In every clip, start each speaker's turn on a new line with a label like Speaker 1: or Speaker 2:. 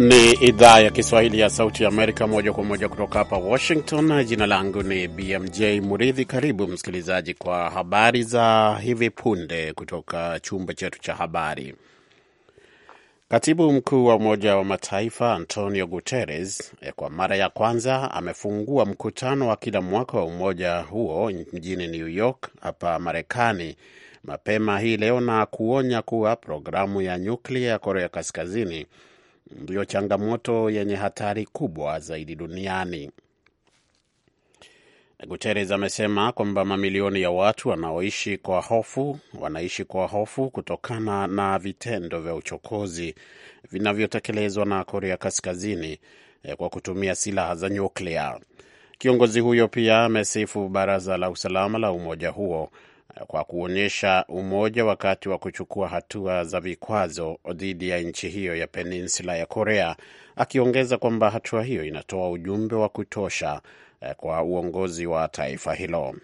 Speaker 1: Ni idhaa ya Kiswahili ya Sauti ya Amerika, moja kwa moja kutoka hapa Washington. Jina langu ni BMJ Muridhi. Karibu msikilizaji kwa habari za hivi punde kutoka chumba chetu cha habari. Katibu mkuu wa Umoja wa Mataifa Antonio Guterres eh, kwa mara ya kwanza amefungua mkutano wa kila mwaka wa umoja huo mjini New York hapa Marekani mapema hii leo na kuonya kuwa programu ya nyuklia ya Korea Kaskazini ndiyo changamoto yenye hatari kubwa zaidi duniani. Guterres amesema kwamba mamilioni ya watu wanaoishi kwa hofu wanaishi kwa hofu kutokana na vitendo vya uchokozi vinavyotekelezwa na Korea Kaskazini eh, kwa kutumia silaha za nyuklia. Kiongozi huyo pia amesifu Baraza la Usalama la umoja huo kwa kuonyesha umoja wakati wa kuchukua hatua za vikwazo dhidi ya nchi hiyo ya peninsula ya Korea, akiongeza kwamba hatua hiyo inatoa ujumbe wa kutosha eh, kwa uongozi wa taifa hilo.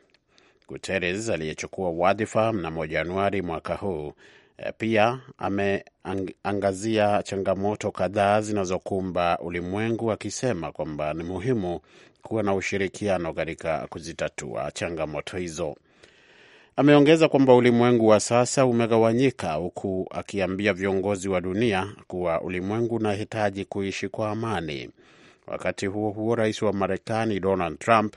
Speaker 1: Guterres aliyechukua wadhifa mnamo Januari mwaka huu eh, pia ameangazia changamoto kadhaa zinazokumba ulimwengu akisema kwamba ni muhimu kuwa na ushirikiano katika kuzitatua changamoto hizo. Ameongeza kwamba ulimwengu wa sasa umegawanyika, huku akiambia viongozi wa dunia kuwa ulimwengu unahitaji kuishi kwa amani. Wakati huo huo, rais wa Marekani Donald Trump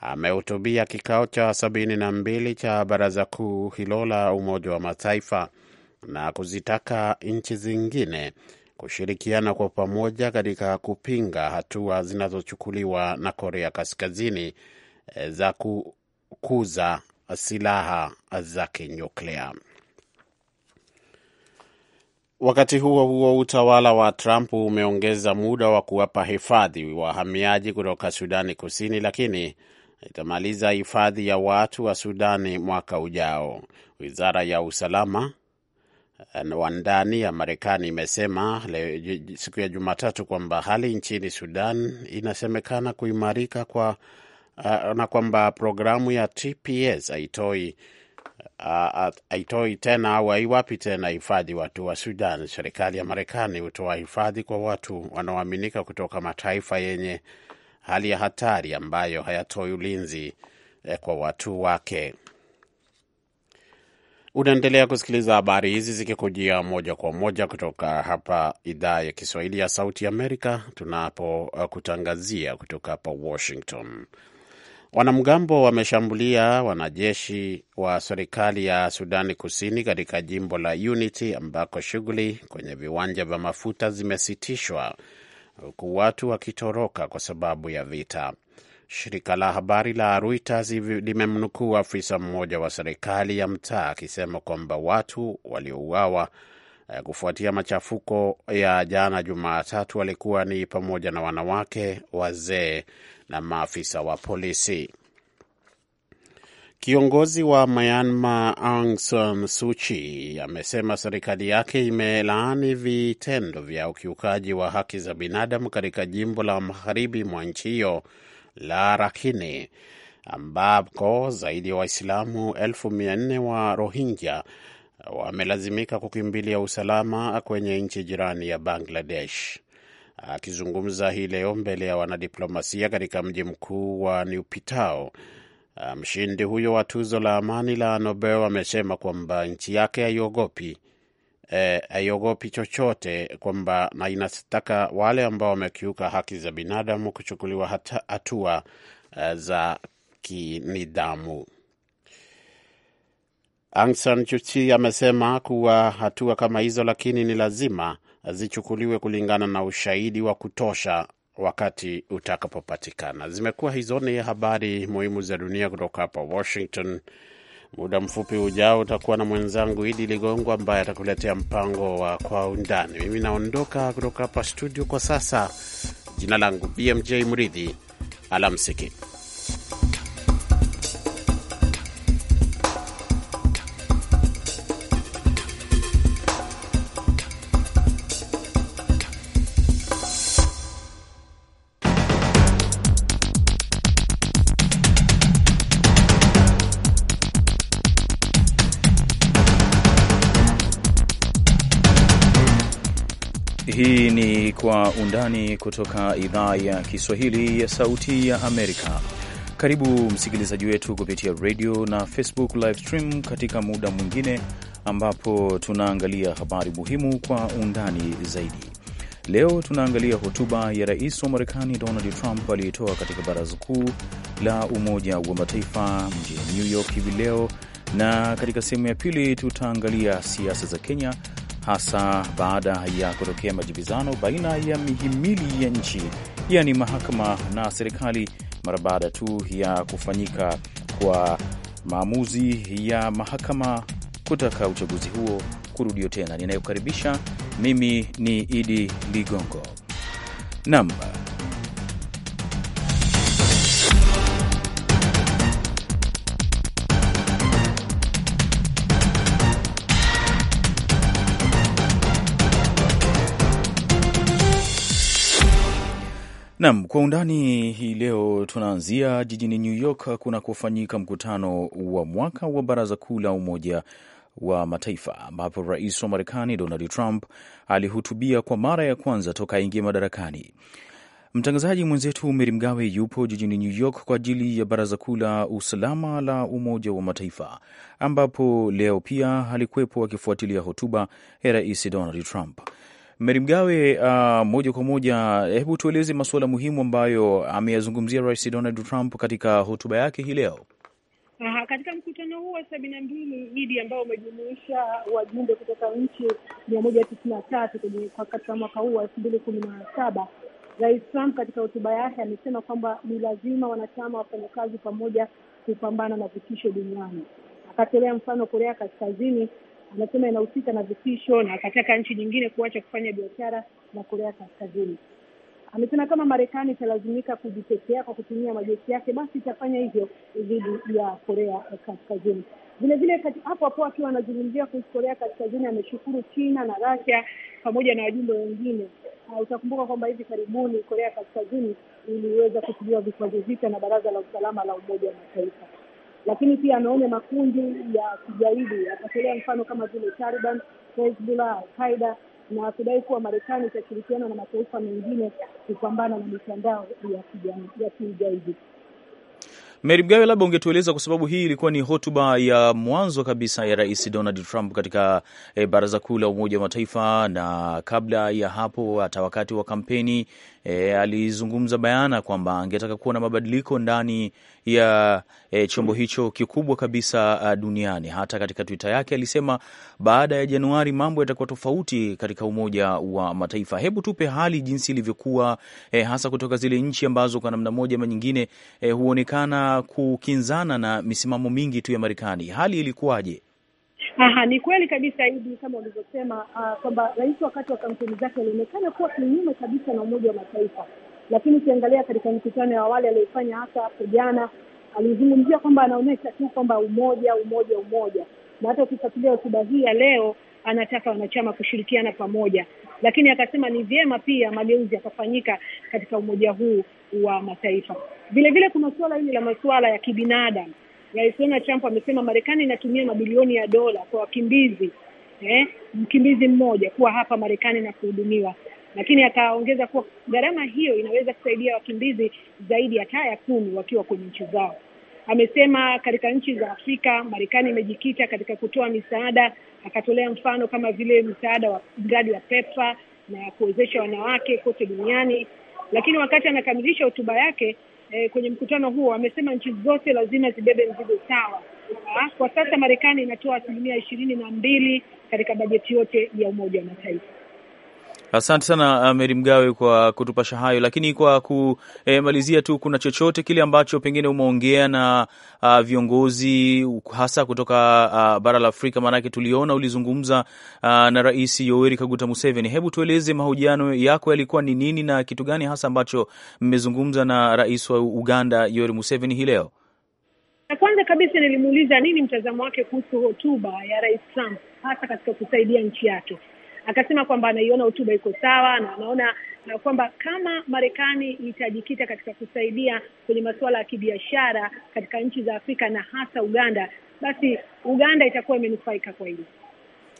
Speaker 1: amehutubia kikao cha sabini na mbili cha baraza kuu hilo la Umoja wa Mataifa na kuzitaka nchi zingine kushirikiana kwa pamoja katika kupinga hatua zinazochukuliwa na Korea Kaskazini eh, za kukuza silaha za kinyuklia. Wakati huo huo, utawala wa Trump umeongeza muda wa kuwapa hifadhi wahamiaji kutoka Sudani Kusini, lakini itamaliza hifadhi ya watu wa Sudani mwaka ujao. Wizara ya usalama eh, wa ndani ya Marekani imesema siku ya Jumatatu kwamba hali nchini Sudan inasemekana kuimarika kwa uh, na kwamba programu ya TPS haitoi uh, uh, haitoi tena au haiwapi tena hifadhi watu wa Sudan. Serikali ya Marekani hutoa hifadhi kwa watu wanaoaminika kutoka mataifa yenye hali ya hatari ambayo hayatoi ulinzi eh, kwa watu wake. Unaendelea kusikiliza habari hizi zikikujia moja kwa moja kutoka hapa idhaa ya Kiswahili ya Sauti Amerika tunapokutangazia uh, kutoka hapa Washington. Wanamgambo wameshambulia wanajeshi wa serikali ya Sudani Kusini katika jimbo la Unity ambako shughuli kwenye viwanja vya mafuta zimesitishwa huku watu wakitoroka kwa sababu ya vita. Shirika la habari la Reuters limemnukuu afisa mmoja wa serikali ya mtaa akisema kwamba watu waliouawa Eh, kufuatia machafuko ya jana Jumatatu walikuwa ni pamoja na wanawake, wazee na maafisa wa polisi. Kiongozi wa Myanmar Aung San Suu Kyi amesema serikali yake imelaani vitendo vya ukiukaji wa haki za binadamu katika jimbo la magharibi mwa nchi hiyo la Rakhine ambako zaidi ya wa Waislamu elfu mia nne wa Rohingya wamelazimika kukimbilia usalama kwenye nchi jirani ya Bangladesh. Akizungumza hii leo mbele ya wanadiplomasia katika mji mkuu wa Naypyitaw, mshindi huyo wa tuzo la amani la Nobel amesema kwamba nchi yake haiogopi eh, haiogopi e, chochote kwamba na inataka wale ambao wamekiuka haki za binadamu kuchukuliwa hatua eh, za kinidhamu. Aung San Suu Kyi amesema kuwa hatua kama hizo lakini ni lazima zichukuliwe kulingana na ushahidi wa kutosha wakati utakapopatikana. Zimekuwa hizo ni habari muhimu za dunia kutoka hapa Washington. Muda mfupi ujao utakuwa na mwenzangu Idi Ligongo ambaye atakuletea mpango wa Kwa Undani. Mimi naondoka kutoka hapa studio kwa sasa. Jina langu BMJ Mridhi, alamsiki.
Speaker 2: Undani kutoka idhaa ya Kiswahili ya Sauti ya Amerika. Karibu msikilizaji wetu kupitia radio na Facebook live stream katika muda mwingine ambapo tunaangalia habari muhimu kwa undani zaidi. Leo tunaangalia hotuba ya rais wa Marekani Donald Trump aliyetoa katika Baraza Kuu la Umoja wa Mataifa mjini New York hivi leo, na katika sehemu ya pili tutaangalia siasa za Kenya hasa baada ya kutokea majibizano baina ya mihimili ya nchi, yaani mahakama na serikali, mara baada tu ya kufanyika kwa maamuzi ya mahakama kutaka uchaguzi huo kurudio tena. Ninayokaribisha mimi ni Idi Ligongo nam Nam kwa undani hii leo tunaanzia jijini New York kufanyika mkutano wa mwaka wa Baraza Kuu la Umoja wa Mataifa ambapo rais wa Marekani Donald Trump alihutubia kwa mara ya kwanza toka aingia madarakani. Mtangazaji mwenzetu Meri Mgawe yupo jijini New York kwa ajili ya Baraza Kuu la Usalama la Umoja wa Mataifa, ambapo leo pia alikuwepo akifuatilia hotuba ya rais Donald Trump. Meri Mgawe, uh, moja kwa moja, hebu tueleze masuala muhimu ambayo ameyazungumzia Rais Donald Trump katika hotuba yake hii leo.
Speaker 3: Aha, katika mkutano huu wa sabini na mbili idi ambao umejumuisha wajumbe kutoka nchi mia moja tisini na tatu katika mwaka huu wa elfu mbili kumi na saba Rais Trump katika hotuba yake amesema kwamba ni lazima wanachama wafanye kazi pamoja kupambana na vitisho duniani. Akatolea mfano Korea Kaskazini anasema inahusika na vitisho na akataka nchi nyingine kuacha kufanya biashara na Korea Kaskazini. Amesema kama Marekani italazimika kujitetea kwa kutumia majeshi yake, basi itafanya hivyo dhidi ya Korea Kaskazini. Vilevile hapo hapo akiwa anazungumzia kuhusu Korea Kaskazini, ameshukuru China na Russia pamoja na wajumbe wengine. Uh, utakumbuka kwamba hivi karibuni Korea Kaskazini iliweza kutuliwa vikwazo vita na Baraza la Usalama la Umoja wa Mataifa lakini pia ameonya makundi ya kijaidi akatolea mfano kama vile Taliban, Hezbollah, Alqaida na kudai kuwa Marekani itashirikiana na mataifa mengine kupambana na mitandao ya kigaidi.
Speaker 2: Mary Mgawe, labda ungetueleza kwa sababu hii ilikuwa ni hotuba ya mwanzo kabisa ya Rais Donald Trump katika eh, Baraza Kuu la Umoja wa Mataifa, na kabla ya hapo hata wakati wa kampeni e, alizungumza bayana kwamba angetaka kuwa na mabadiliko ndani ya e, chombo hicho kikubwa kabisa duniani. Hata katika Twitter yake alisema baada ya Januari mambo yatakuwa tofauti katika Umoja wa Mataifa. Hebu tupe hali jinsi ilivyokuwa, e, hasa kutoka zile nchi ambazo kwa namna moja ama nyingine e, huonekana kukinzana na misimamo mingi tu ya Marekani. Hali ilikuwaje?
Speaker 3: Aha, ni kweli kabisa Idi, kama ulivyosema uh, kwamba rais wakati wa kampeni zake alionekana kuwa kinyume kabisa na Umoja wa Mataifa, lakini ukiangalia katika mikutano ya awali aliyofanya hasa hapo jana alizungumzia kwamba anaonyesha tu kwamba umoja umoja umoja, na hata ukifuatilia hotuba hii ya leo anataka wanachama kushirikiana pamoja, lakini akasema ni vyema pia mageuzi yakafanyika katika umoja huu wa mataifa. Vilevile kuna suala hili la masuala ya kibinadamu Rais Donald Trump amesema Marekani inatumia mabilioni ya dola kwa wakimbizi eh, mkimbizi mmoja kuwa hapa Marekani na kuhudumiwa, lakini akaongeza kuwa gharama hiyo inaweza kusaidia wakimbizi zaidi ya hata kumi wakiwa kwenye nchi zao. Amesema katika nchi za Afrika Marekani imejikita katika kutoa misaada. Akatolea mfano kama vile msaada wa mradi wa PEPFAR na kuwezesha wanawake kote duniani. Lakini wakati anakamilisha hotuba yake, eh, kwenye mkutano huo amesema nchi zote lazima zibebe mzigo sawa. Ah, kwa sasa Marekani inatoa asilimia ishirini na mbili katika bajeti yote ya Umoja wa Mataifa.
Speaker 2: Asante sana uh, Meri Mgawe kwa kutupasha hayo, lakini kwa kumalizia tu, kuna chochote kile ambacho pengine umeongea na uh, viongozi hasa kutoka uh, bara la Afrika? Maanake tuliona ulizungumza uh, na Rais Yoweri Kaguta Museveni. Hebu tueleze mahojiano yako yalikuwa ni nini na kitu gani hasa ambacho mmezungumza na Rais wa Uganda Yoweri Museveni hii leo?
Speaker 3: Na kwanza kabisa nilimuuliza nini mtazamo wake kuhusu hotuba ya Rais Trump hasa katika kusaidia nchi yake akasema kwamba anaiona hotuba iko sawa na anaona kwamba kama Marekani itajikita katika kusaidia kwenye masuala ya kibiashara katika nchi za Afrika na hasa Uganda, basi Uganda itakuwa imenufaika kwa hili.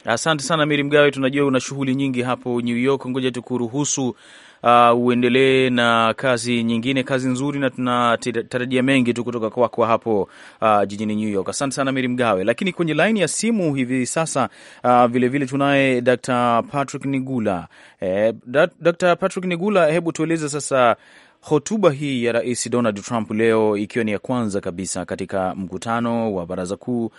Speaker 2: Asante sana Miri Mgawe, tunajua una shughuli nyingi hapo New York, ngoja tukuruhusu uh, uendelee na kazi nyingine, kazi nzuri, na tunatarajia mengi tu kutoka kwako kwa hapo uh, jijini New York. Asante sana Miri Mgawe. Lakini kwenye laini ya simu hivi sasa vilevile ah, uh, vile tunaye Dr. Patrick Nigula. Eh, Dr. Patrick Nigula, hebu tueleze sasa hotuba hii ya Rais Donald Trump leo ikiwa ni ya kwanza kabisa katika mkutano wa Baraza Kuu uh,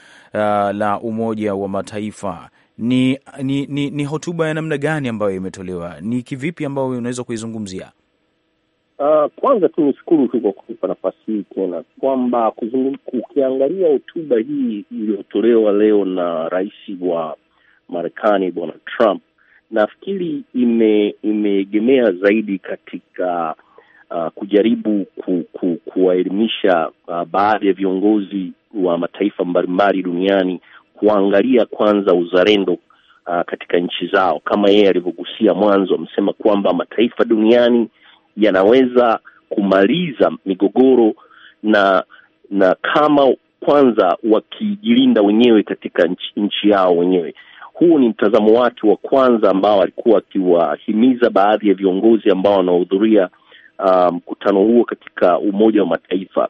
Speaker 2: la Umoja wa Mataifa ni, ni, ni, ni hotuba ya namna gani ambayo imetolewa? Ni kivipi ambayo unaweza kuizungumzia?
Speaker 4: Uh, kwanza tu nishukuru tu kwa kutupa nafasi hii tena kwamba ukiangalia hotuba hii iliyotolewa leo na rais wa Marekani Bwana Trump nafikiri imeegemea ime zaidi katika uh, kujaribu ku, ku, kuwaelimisha uh, baadhi ya viongozi wa mataifa mbalimbali duniani kuangalia kwanza uzalendo uh, katika nchi zao, kama yeye alivyogusia mwanzo, amesema kwamba mataifa duniani yanaweza kumaliza migogoro na na kama kwanza wakijilinda wenyewe katika nchi, nchi yao wenyewe. Huu ni mtazamo wake wa kwanza ambao alikuwa akiwahimiza baadhi ya viongozi ambao wanahudhuria uh, mkutano um, huo katika Umoja wa Mataifa.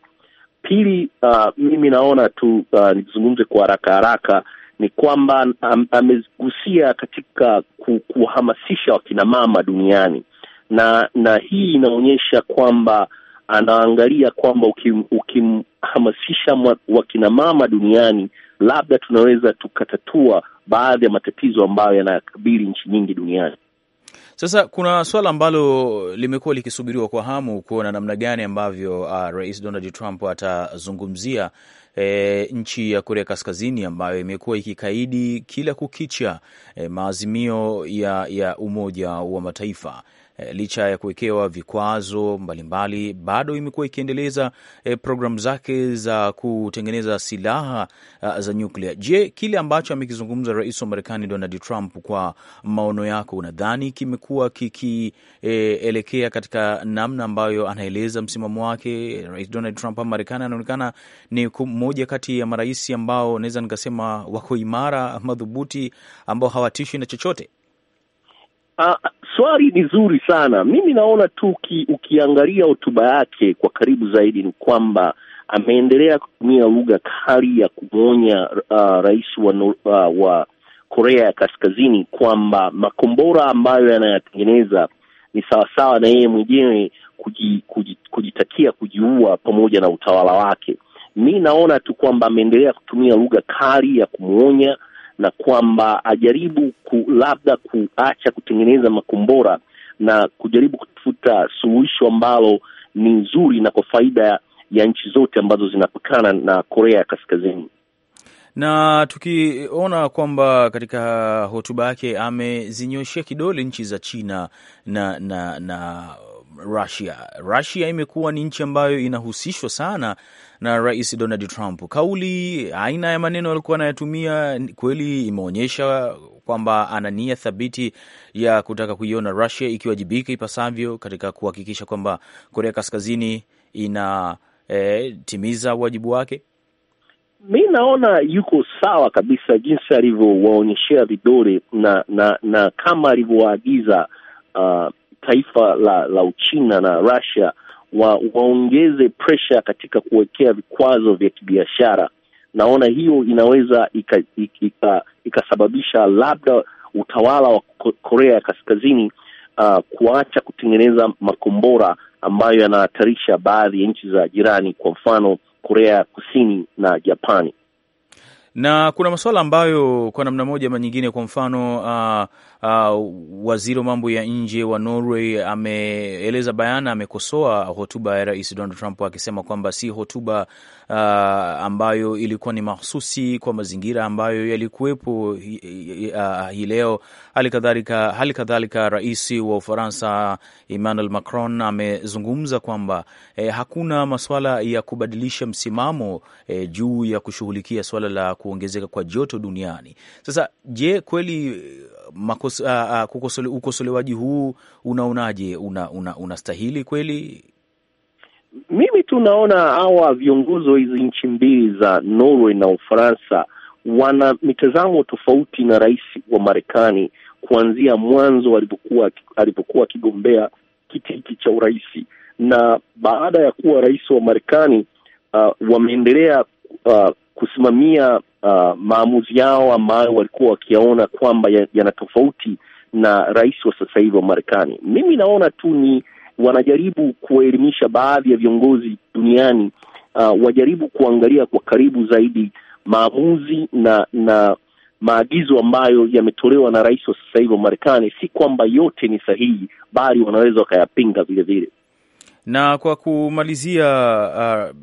Speaker 4: Pili, uh, mimi naona tu uh, nizungumze kwa haraka haraka ni kwamba am, amegusia katika ku, kuhamasisha wakinamama duniani na na hii inaonyesha kwamba anaangalia kwamba ukimhamasisha ukim, wakinamama duniani labda tunaweza tukatatua baadhi ya matatizo ambayo yanakabili nchi nyingi duniani.
Speaker 2: Sasa kuna swala ambalo limekuwa likisubiriwa kwa hamu kuona namna gani ambavyo uh, Rais Donald Trump atazungumzia E, nchi ya Korea Kaskazini ambayo imekuwa ikikaidi kila kukicha e, maazimio ya, ya Umoja wa Mataifa Eh, licha ya kuwekewa vikwazo mbalimbali, bado imekuwa ikiendeleza eh, programu zake za kutengeneza silaha uh, za nyuklia. Je, kile ambacho amekizungumza rais wa Marekani Donald Trump, kwa maono yako, unadhani kimekuwa kikielekea eh, katika namna ambayo anaeleza msimamo wake? Rais Donald Trump wa Marekani anaonekana ni mmoja kati ya marais ambao naweza nikasema wako imara, madhubuti, ambao hawatishwi na chochote.
Speaker 4: Uh, swali ni zuri sana. Mimi naona tu ukiangalia hotuba yake kwa karibu zaidi ni kwamba ameendelea kutumia lugha kali ya kumwonya uh, rais wa, uh, wa Korea ya Kaskazini kwamba makombora ambayo yanayatengeneza ni sawasawa na yeye mwenyewe kujitakia kujiua pamoja na utawala wake. Mi naona tu kwamba ameendelea kutumia lugha kali ya kumwonya na kwamba ajaribu ku, labda kuacha kutengeneza makombora na kujaribu kutafuta suluhisho ambalo ni nzuri na kwa faida ya nchi zote ambazo zinapakana na Korea ya Kaskazini
Speaker 2: na tukiona kwamba katika hotuba yake amezinyoshea kidole nchi za China na na na Russia. Russia imekuwa ni nchi ambayo inahusishwa sana na Rais Donald Trump. Kauli, aina ya maneno alikuwa anayatumia, kweli imeonyesha kwamba ana nia thabiti ya kutaka kuiona Russia ikiwajibika ipasavyo katika kuhakikisha kwamba Korea Kaskazini inatimiza eh, e, wajibu wake.
Speaker 4: Mi naona yuko sawa kabisa jinsi alivyowaonyeshea vidole na na na kama alivyowaagiza uh, taifa la la Uchina na Russia wa, waongeze presha katika kuwekea vikwazo vya kibiashara. Naona hiyo inaweza ikasababisha ika, ika labda utawala wa Korea ya Kaskazini uh, kuacha kutengeneza makombora ambayo yanahatarisha baadhi ya nchi za jirani, kwa mfano Korea ya Kusini na Japani
Speaker 2: na kuna masuala ambayo kwa namna moja ama nyingine, kwa mfano uh, uh, waziri wa mambo ya nje wa Norway ameeleza bayana, amekosoa hotuba ya Rais Donald Trump akisema kwamba si hotuba uh, ambayo ilikuwa ni mahususi kwa mazingira ambayo yalikuwepo uh, hii leo. Hali kadhalika rais wa Ufaransa Emmanuel Macron amezungumza kwamba eh, hakuna masuala ya kubadilisha msimamo eh, juu ya kushughulikia swala la kuongezeka kwa joto duniani. Sasa je, kweli makosa, uh, uh, uh ukosolewaji huu unaonaje? Unastahili una, una kweli
Speaker 4: mimi tunaona hawa viongozi wa hizi nchi mbili za Norway na Ufaransa wana mitazamo tofauti na rais wa Marekani kuanzia mwanzo alipokuwa alipokuwa akigombea kiti hiki cha urais, na baada ya kuwa rais wa Marekani uh, wameendelea uh, kusimamia uh, maamuzi yao ambayo walikuwa wakiyaona kwamba yana tofauti na rais wa sasa hivi wa Marekani. Mimi naona tu ni wanajaribu kuwaelimisha baadhi ya viongozi duniani uh, wajaribu kuangalia kwa karibu zaidi maamuzi na na maagizo ambayo yametolewa na rais wa sasa hivi wa Marekani. Si kwamba yote ni sahihi, bali wanaweza wakayapinga vile vile.
Speaker 2: Na kwa kumalizia uh,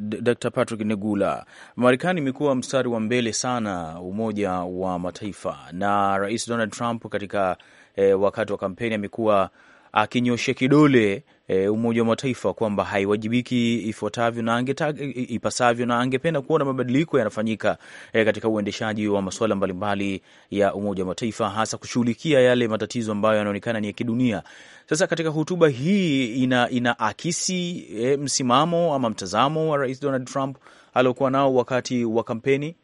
Speaker 2: Dr. Patrick Negula, Marekani imekuwa mstari wa mbele sana Umoja wa Mataifa, na Rais Donald Trump katika eh, wakati wa kampeni amekuwa akinyosha kidole e, Umoja wa Mataifa kwamba haiwajibiki ifuatavyo na angetaka ipasavyo, na angependa kuona mabadiliko yanafanyika e, katika uendeshaji wa masuala mbalimbali ya Umoja wa Mataifa, hasa kushughulikia yale matatizo ambayo yanaonekana ni ya kidunia. Sasa katika hotuba hii ina, ina akisi e, msimamo ama mtazamo wa Rais Donald Trump aliokuwa nao wakati
Speaker 4: wa kampeni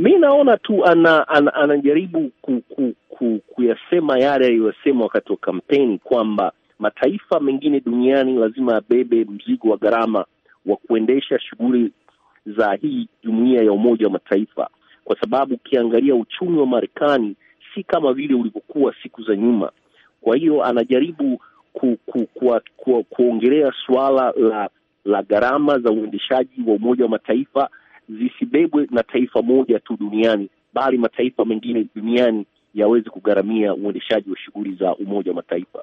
Speaker 4: mi naona tu ana, ana, anajaribu ku, ku, ku, kuyasema yale aliyosema wakati wa kampeni kwamba mataifa mengine duniani lazima abebe mzigo wa gharama wa kuendesha shughuli za hii jumuia ya Umoja wa Mataifa, kwa sababu ukiangalia uchumi wa Marekani si kama vile ulivyokuwa siku za nyuma. Kwa hiyo anajaribu ku, ku, ku, ku, kuongelea suala la la gharama za uendeshaji wa Umoja wa Mataifa zisibebwe na taifa moja tu duniani, bali mataifa mengine duniani yaweze kugharamia uendeshaji wa shughuli za Umoja wa Mataifa.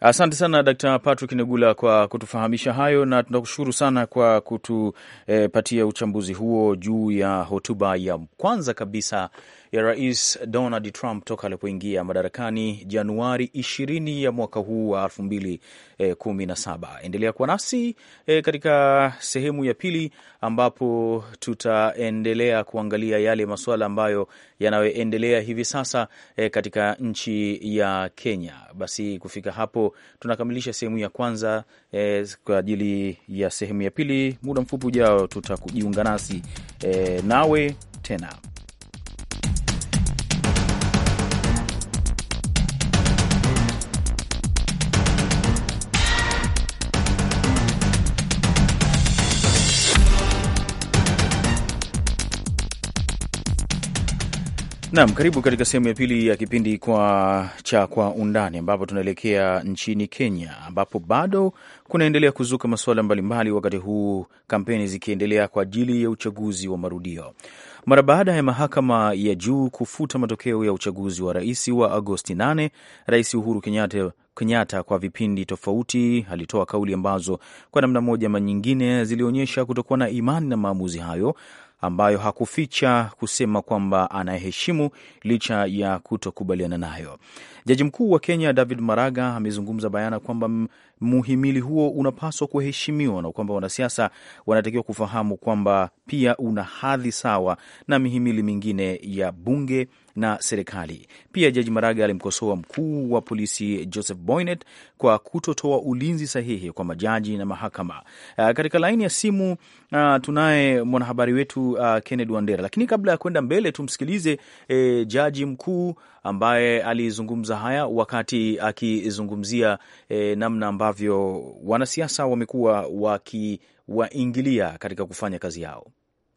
Speaker 2: Asante sana Dkt. Patrick Negula kwa kutufahamisha hayo, na tunakushukuru sana kwa kutupatia e, uchambuzi huo juu ya hotuba ya kwanza kabisa ya Rais Donald Trump toka alipoingia madarakani Januari 20 ya mwaka huu wa 2017. Eh, Endelea kuwa nasi e, katika sehemu ya pili ambapo tutaendelea kuangalia yale masuala ambayo yanayoendelea hivi sasa e, katika nchi ya Kenya. Basi kufika hapo tunakamilisha sehemu ya kwanza e, kwa ajili ya sehemu ya pili. Muda mfupi ujao tutakujiunga nasi e, nawe tena. Naam, karibu katika sehemu ya pili ya kipindi kwa cha kwa undani ambapo tunaelekea nchini Kenya ambapo bado kunaendelea kuzuka masuala mbalimbali, wakati huu kampeni zikiendelea kwa ajili ya uchaguzi wa marudio mara baada ya mahakama ya juu kufuta matokeo ya uchaguzi wa rais wa Agosti 8. Rais Uhuru Kenyatta Kenyatta kwa vipindi tofauti alitoa kauli ambazo kwa namna moja ama nyingine zilionyesha kutokuwa na imani na maamuzi hayo, ambayo hakuficha kusema kwamba anaheshimu licha ya kutokubaliana nayo. Jaji mkuu wa Kenya David Maraga amezungumza bayana kwamba muhimili huo unapaswa kuheshimiwa na kwamba wanasiasa wanatakiwa kufahamu kwamba pia una hadhi sawa na mihimili mingine ya bunge na serikali. Pia Jaji Maraga alimkosoa mkuu wa polisi Joseph Boynet kwa kutotoa ulinzi sahihi kwa majaji na mahakama. Uh, katika laini ya simu uh, tunaye mwanahabari wetu uh, Kennedy Wandera, lakini kabla ya kwenda mbele tumsikilize eh, jaji mkuu ambaye alizungumza haya wakati akizungumzia e, namna ambavyo wanasiasa wamekuwa wakiwaingilia katika kufanya kazi yao.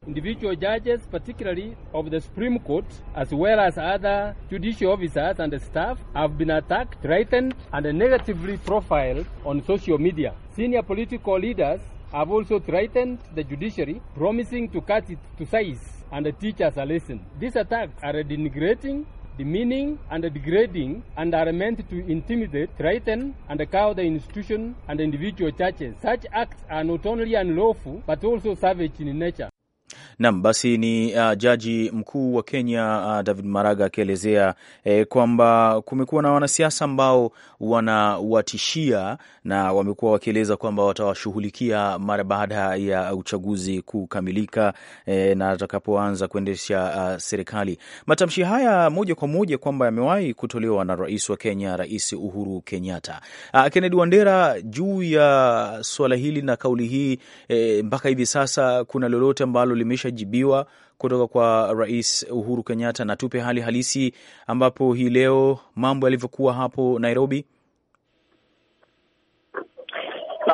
Speaker 5: individual judges, particularly of the Supreme Court, as well as other judicial officers and staff, have been attacked, threatened, and negatively profiled on social media. Senior political leaders have also threatened the judiciary, promising to cut it to size and teach us a lesson. These attacks are denigrating, demeaning, and degrading, and are meant to intimidate, threaten, and cow the institution and individual churches. Such acts are not only unlawful, but also savage in nature.
Speaker 2: Naam, basi ni uh, jaji mkuu wa Kenya uh, David Maraga akielezea eh, kwamba kumekuwa na wanasiasa ambao wanawatishia na wamekuwa wakieleza kwamba watawashughulikia mara baada ya uchaguzi kukamilika, eh, na atakapoanza kuendesha uh, serikali. Matamshi haya moja kwa moja kwamba yamewahi kutolewa na rais wa Kenya, Rais Uhuru Kenyatta. Uh, Kennedy Wandera, juu ya suala hili na kauli hii, eh, mpaka hivi sasa kuna lolote ambalo limeshajibiwa kutoka kwa Rais Uhuru Kenyatta, na tupe hali halisi ambapo hii leo mambo yalivyokuwa hapo Nairobi.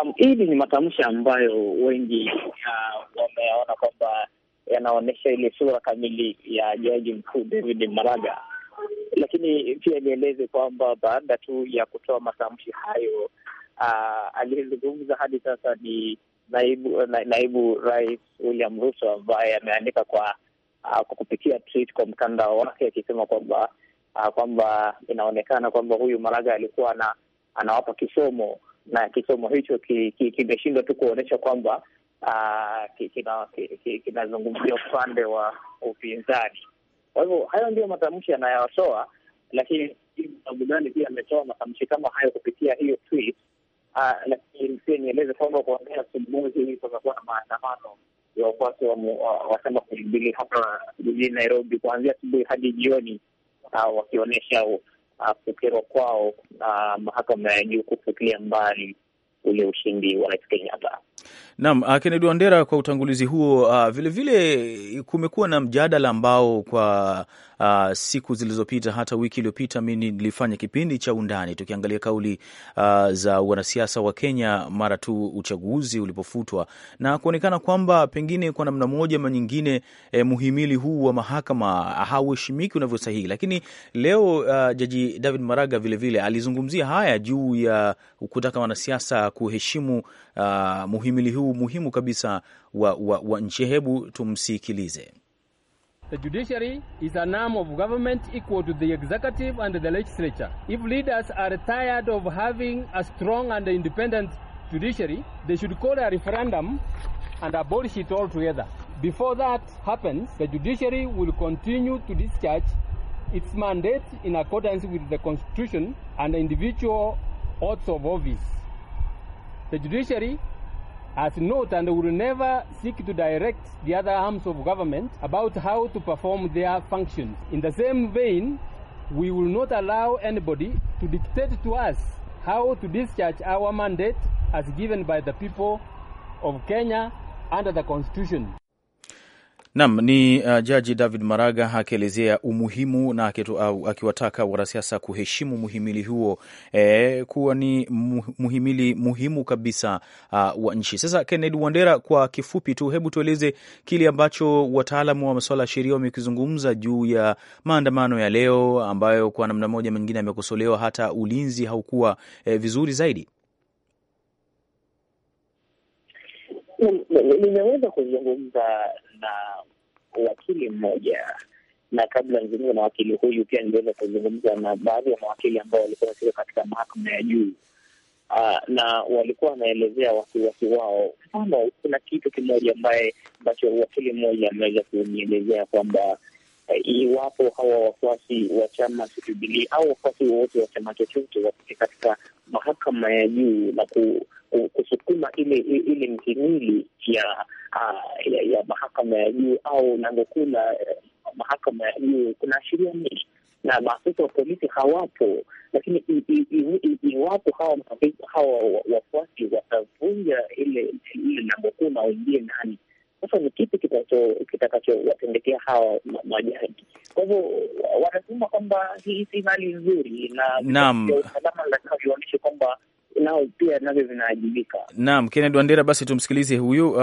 Speaker 6: Um, hili ni matamshi ambayo wengi uh, wameona kwamba yanaonyesha ile sura kamili ya jaji mkuu David Maraga, lakini pia nieleze kwamba baada tu ya kutoa matamshi hayo uh, aliyezungumza hadi sasa ni naibu na, naibu rais William Ruto ambaye ameandika kwa uh, kupitia tweet kwa mtandao wake akisema kwamba uh, kwamba inaonekana kwamba huyu Maraga alikuwa na, anawapa kisomo na kisomo hicho kimeshindwa ki, ki, tu kuonyesha kwamba uh, ah, kinazungumzia ki, ki, ki, upande wa upinzani. Kwa hivyo hayo ndio matamshi anayotoa, lakini sababu gani pia ametoa matamshi kama hayo kupitia hiyo tweet Ah, lakini pia nieleze kwamba kuanzia asubuhi kutakuwa na maandamano ya wafuasi wa chama cha hapa jijini Nairobi, kuanzia asubuhi hadi jioni, ah, wakionyesha ah, kukerwa kwao na mahakama ya juu kufutilia mbali ule ushindi wa Rais Kenyatta.
Speaker 2: Naam, ah, Kennedy Wandera, kwa utangulizi huo. Uh, ah, vilevile kumekuwa na mjadala ambao kwa uh, siku zilizopita hata wiki iliyopita mi nilifanya kipindi cha undani tukiangalia kauli uh, za wanasiasa wa Kenya mara tu uchaguzi ulipofutwa na kuonekana kwamba pengine kwa namna moja ama nyingine, eh, muhimili huu wa mahakama hauheshimiki unavyostahili. Lakini leo uh, Jaji David Maraga vilevile vile alizungumzia haya juu ya kutaka wanasiasa kuheshimu uh, muhimili huu juu muhimu kabisa wa, wa, wa nchi. Hebu tumsikilize.
Speaker 5: The judiciary is an arm of government equal to the executive and the legislature. If leaders are tired of having a strong and independent judiciary, they should call a referendum and abolish it altogether. Before that happens, the judiciary will continue to discharge its mandate in accordance with the constitution and individual oaths of office. The judiciary has not and will never seek to direct the other arms of government about how to perform their functions. In the same vein, we will not allow anybody to dictate to us how to discharge our mandate as given by the people of Kenya under the Constitution.
Speaker 2: Nam ni uh, Jaji David Maraga akielezea umuhimu na akiwataka wanasiasa kuheshimu muhimili huo eh, kuwa ni muhimili muhimu kabisa uh, wa nchi. Sasa Kennedy Wandera, kwa kifupi tu, hebu tueleze kile ambacho wataalamu wa masuala ya sheria wamekizungumza juu ya maandamano ya leo ambayo kwa namna moja mengine amekosolewa hata ulinzi haukuwa eh, vizuri zaidi.
Speaker 6: Nimeweza kuzungumza na wakili mmoja, na kabla nizungumza na wakili huyu, pia niliweza kuzungumza na baadhi ya mawakili ambao walikuwa wakiwa katika mahakama ya juu uh, na walikuwa wanaelezea wasiwasi wao. Mfano, kuna kitu kimoja ambaye ambacho wakili mmoja ameweza kunielezea kwamba eh, iwapo hawa wafuasi wa chama cha Jubilii au wafuasi wowote wa chama chochote wafike katika mahakama ya juu na kusukuma ile ile mhimili ya Ah, ya, ya mahakama ya juu au lango kuu la eh, mahakama ya juu kuna ashiria nini? Na maafisa wa polisi hawapo, lakini iwapo hawa hawa wafuasi watavunja ile lango kuu na waingie ndani sasa ni kipi kitakachowatendekea hawa majaji? Kwa hivyo wanasema kwamba hii si hali nzuri, na usalama lazima vionyeshe kwamba nao pia navyo vinaajibika.
Speaker 2: Naam, Kennedy Wandera, basi tumsikilize huyu uh,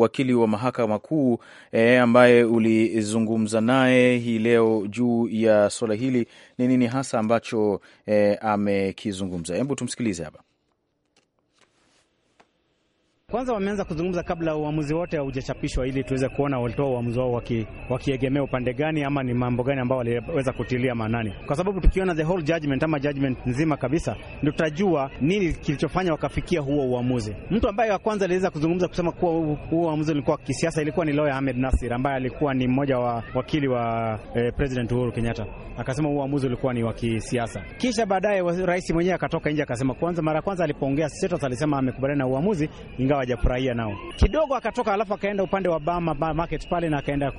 Speaker 2: wakili wa mahakama kuu eh, ambaye ulizungumza naye hii leo juu ya swala hili. Ni nini hasa ambacho eh, amekizungumza? Hebu tumsikilize hapa.
Speaker 7: Kwanza wameanza kuzungumza kabla uamuzi wote haujachapishwa, ili tuweze kuona walitoa uamuzi wao wakiegemea waki upande gani, ama ni mambo gani ambao waliweza kutilia maanani, kwa sababu tukiona the whole judgment ama judgment nzima kabisa, ndio tutajua nini kilichofanya wakafikia huo uamuzi. Mtu ambaye wa kwanza aliweza kuzungumza kusema kuwa huo uamuzi ulikuwa wa kisiasa ilikuwa ni lawyer Ahmed Nasir ambaye alikuwa ni mmoja wa wakili wa eh, President Uhuru Kenyatta, akasema huo uamuzi ulikuwa ni wa kisiasa. Kisha baadaye rais mwenyewe akatoka nje akasema, kwanza mara kwanza alipoongea Setos alisema amekubaliana na uamuzi ingawa hajafurahia nao kidogo. Akatoka alafu akaenda upande wa Bama Market pale na akaenda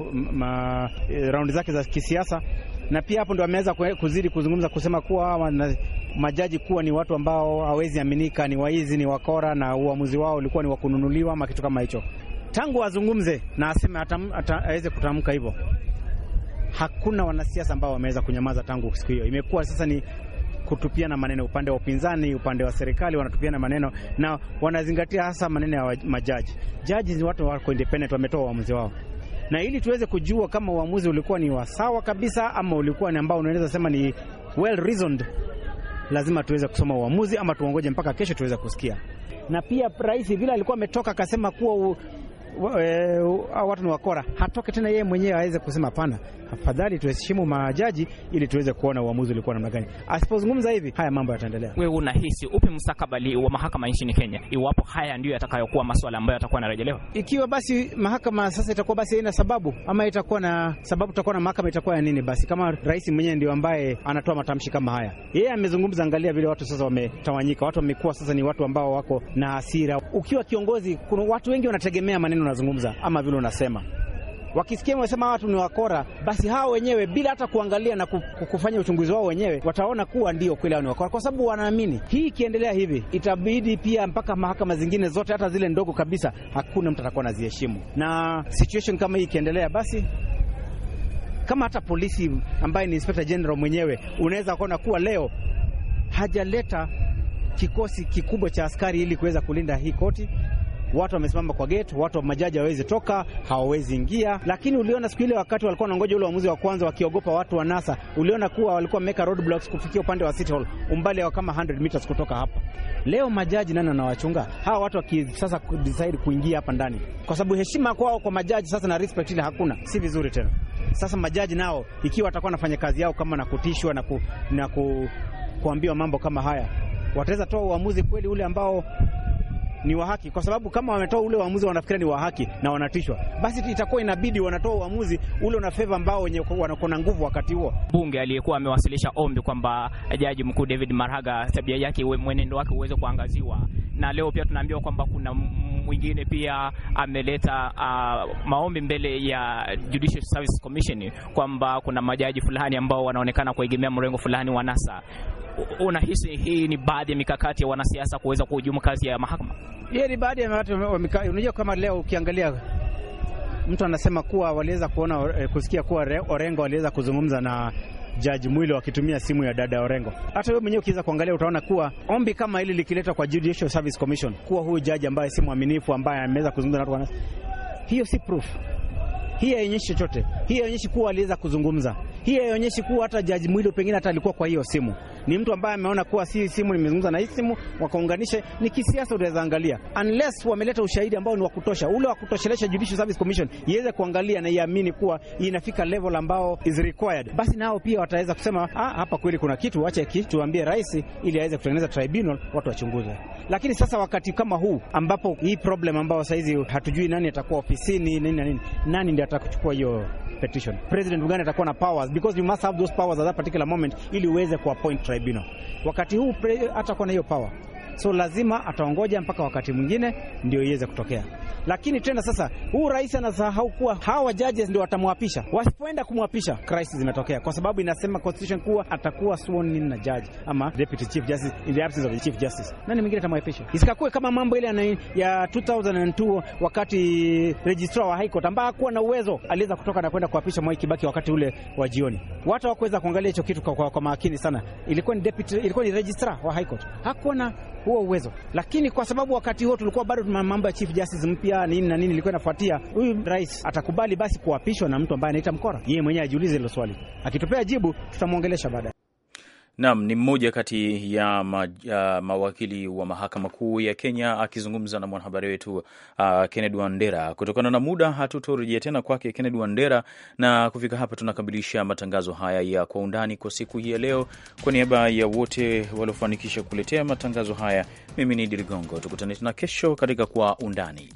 Speaker 7: eh, raundi zake za kisiasa, na pia hapo ndo ameweza kuzidi kuzungumza kusema kuwa wana, majaji kuwa ni watu ambao hawezi aminika, ni waizi, ni wakora, na uamuzi wao ulikuwa ni wakununuliwa ama kitu kama hicho. Tangu azungumze na aseme aweze kutamka hivyo, hakuna wanasiasa ambao wameweza kunyamaza tangu siku hiyo. Imekuwa sasa ni kutupiana maneno, upande wa upinzani, upande wa serikali wanatupiana maneno, na wanazingatia hasa maneno ya majaji. Jaji ni watu wako independent, wametoa uamuzi wao na ili tuweze kujua kama uamuzi ulikuwa ni wasawa kabisa ama ulikuwa ni ambao unaweza sema ni well reasoned, lazima tuweze kusoma uamuzi ama tuongoje mpaka kesho tuweze kusikia. Na pia rais vile alikuwa ametoka akasema kuwa E, au watu ni wakora, hatoke tena yeye mwenyewe aweze kusema hapana, afadhali tuheshimu majaji ili tuweze kuona uamuzi ulikuwa namna gani. Asipozungumza hivi, haya mambo yataendelea.
Speaker 2: Wewe unahisi upi mustakabali wa mahakama nchini Kenya iwapo haya ndio yatakayokuwa maswala ambayo yatakuwa yanarejelewa?
Speaker 7: Ikiwa basi mahakama sasa itakuwa basi haina sababu ama itakuwa na sababu, tutakuwa na mahakama itakuwa ya nini? Basi kama rais mwenyewe ndio ambaye anatoa matamshi kama haya, yeye amezungumza. Angalia vile watu sasa wametawanyika, watu wamekuwa sasa ni watu ambao wako na hasira. Ukiwa kiongozi, kuna watu wengi wanategemea maneno unazungumza ama vile unasema. Wakisikia wasema watu ni wakora, basi hao wenyewe bila hata kuangalia na kufanya uchunguzi wao wenyewe wataona kuwa ndio kweli hao ni wakora, kwa sababu wanaamini. Hii ikiendelea hivi, itabidi pia mpaka mahakama zingine zote, hata zile ndogo kabisa, hakuna mtu atakuwa anaziheshimu. Na situation kama hii ikiendelea, basi kama hata polisi ambaye ni Inspector General mwenyewe unaweza kuona kuwa leo hajaleta kikosi kikubwa cha askari ili kuweza kulinda hii koti watu wamesimama kwa gate, watu wa majaji hawawezi toka, hawawezi ingia. Lakini uliona siku ile wakati walikuwa wanangoja ule uamuzi wa kwanza, wakiogopa watu wa NASA, uliona kuwa walikuwa wameweka roadblocks kufikia upande wa City Hall, umbali wa kama 100 meters kutoka hapa. Leo majaji nani anawachunga hawa watu sasa decide kuingia hapa ndani, kwa sababu heshima kwao kwa majaji sasa na respect ile hakuna, si vizuri tena. Sasa majaji nao ikiwa watakuwa wanafanya kazi yao kama na kutishwa na, ku, na ku, kuambiwa mambo kama haya wataweza toa uamuzi kweli ule ambao ni wa haki, kwa sababu kama wametoa ule uamuzi wanafikiria ni wa haki na wanatishwa, basi itakuwa inabidi wanatoa uamuzi ule una favor ambao wenye wanakuwa na nguvu wakati huo.
Speaker 2: Bunge aliyekuwa amewasilisha ombi kwamba jaji mkuu David Maraga tabia yake, mwenendo wake uweze kuangaziwa, na leo pia tunaambiwa kwamba kuna mwingine pia ameleta uh, maombi mbele ya Judicial Service Commission kwamba kuna majaji fulani ambao wanaonekana kuegemea mrengo fulani wa NASA unahisi hii ni baadhi ya mikakati ya wanasiasa kuweza kuhujumu kazi ya mahakama?
Speaker 7: Hiyo ni baadhi ya mikakati. Unajua, kama leo ukiangalia mtu anasema kuwa waliweza kuona eh, kusikia kuwa Orengo waliweza kuzungumza na Jaji Mwilo wakitumia simu ya dada Orengo. Hata wewe mwenyewe ukiweza kuangalia utaona kuwa ombi kama hili likiletwa kwa Judicial Service Commission, kuwa huyu jaji ambaye si mwaminifu, ambaye ameweza kuzungumza na watu, hiyo si proof. Hii haionyeshi chochote, hii haionyeshi kuwa aliweza kuzungumza, hii haionyeshi kuwa hata Jaji Mwilo pengine hata alikuwa kwa hiyo simu ni mtu ambaye ameona kuwa si simu nimezungumza na hii simu wakaunganishe, ni kisiasa, utaweza angalia unless wameleta ushahidi ambao ni wa kutosha, ule wa kutoshelesha Judicial Service Commission iweze kuangalia na iamini kuwa inafika level ambao is required, basi nao pia wataweza kusema ah, hapa kweli kuna kitu, acha tuambie rais ili aweze kutengeneza tribunal watu wachunguze. Lakini sasa wakati kama huu ambapo hii problem ambao saizi hatujui nani atakuwa ofisini nini na nini, nani ndiye atakuchukua hiyo petition. President Uganda atakuwa na powers because you must have those powers at that particular moment ili uweze kuappoint tribunal. Wakati huu hatakuwa na hiyo power so lazima ataongoja mpaka wakati mwingine ndio iweze kutokea. Lakini tena sasa, huu rais anasahau kuwa hawa judges ndio watamwapisha. Wasipoenda kumwapisha, crisis zimetokea, kwa sababu inasema constitution kuwa atakuwa sworn in na judge ama deputy chief justice in the absence of the chief justice. Nani mwingine atamwapisha? Isikakuwe kama mambo ile ya 2002 wakati registrar wa high court ambaye hakuwa na uwezo aliweza kutoka na kwenda kuapisha Mwai Kibaki wakati ule wa jioni. Watu hawakuweza kuangalia hicho kitu kwa, kwa, kwa makini sana. Ilikuwa ni deputy, ilikuwa ni registrar wa high court hakuwa na huo uwezo, lakini kwa sababu wakati huo tulikuwa bado tuna mambo ya chief justice mpya nini na nini ilikuwa inafuatia, huyu rais atakubali basi kuapishwa na mtu ambaye anaita mkora? Yeye mwenyewe ajiulize hilo swali, akitupea jibu tutamwongelesha baadaye.
Speaker 2: Naam, ni mmoja kati ya ma, uh, mawakili wa mahakama kuu ya Kenya akizungumza na mwanahabari wetu uh, Kennedy Wandera. Kutokana na muda, hatutorejea tena kwake Kennedy Wandera, na kufika hapa tunakamilisha matangazo haya ya kwa undani kwa siku hii ya leo. Kwa niaba ya wote waliofanikisha kuletea matangazo haya, mimi ni Idi Ligongo. Tukutane tena kesho katika kwa undani.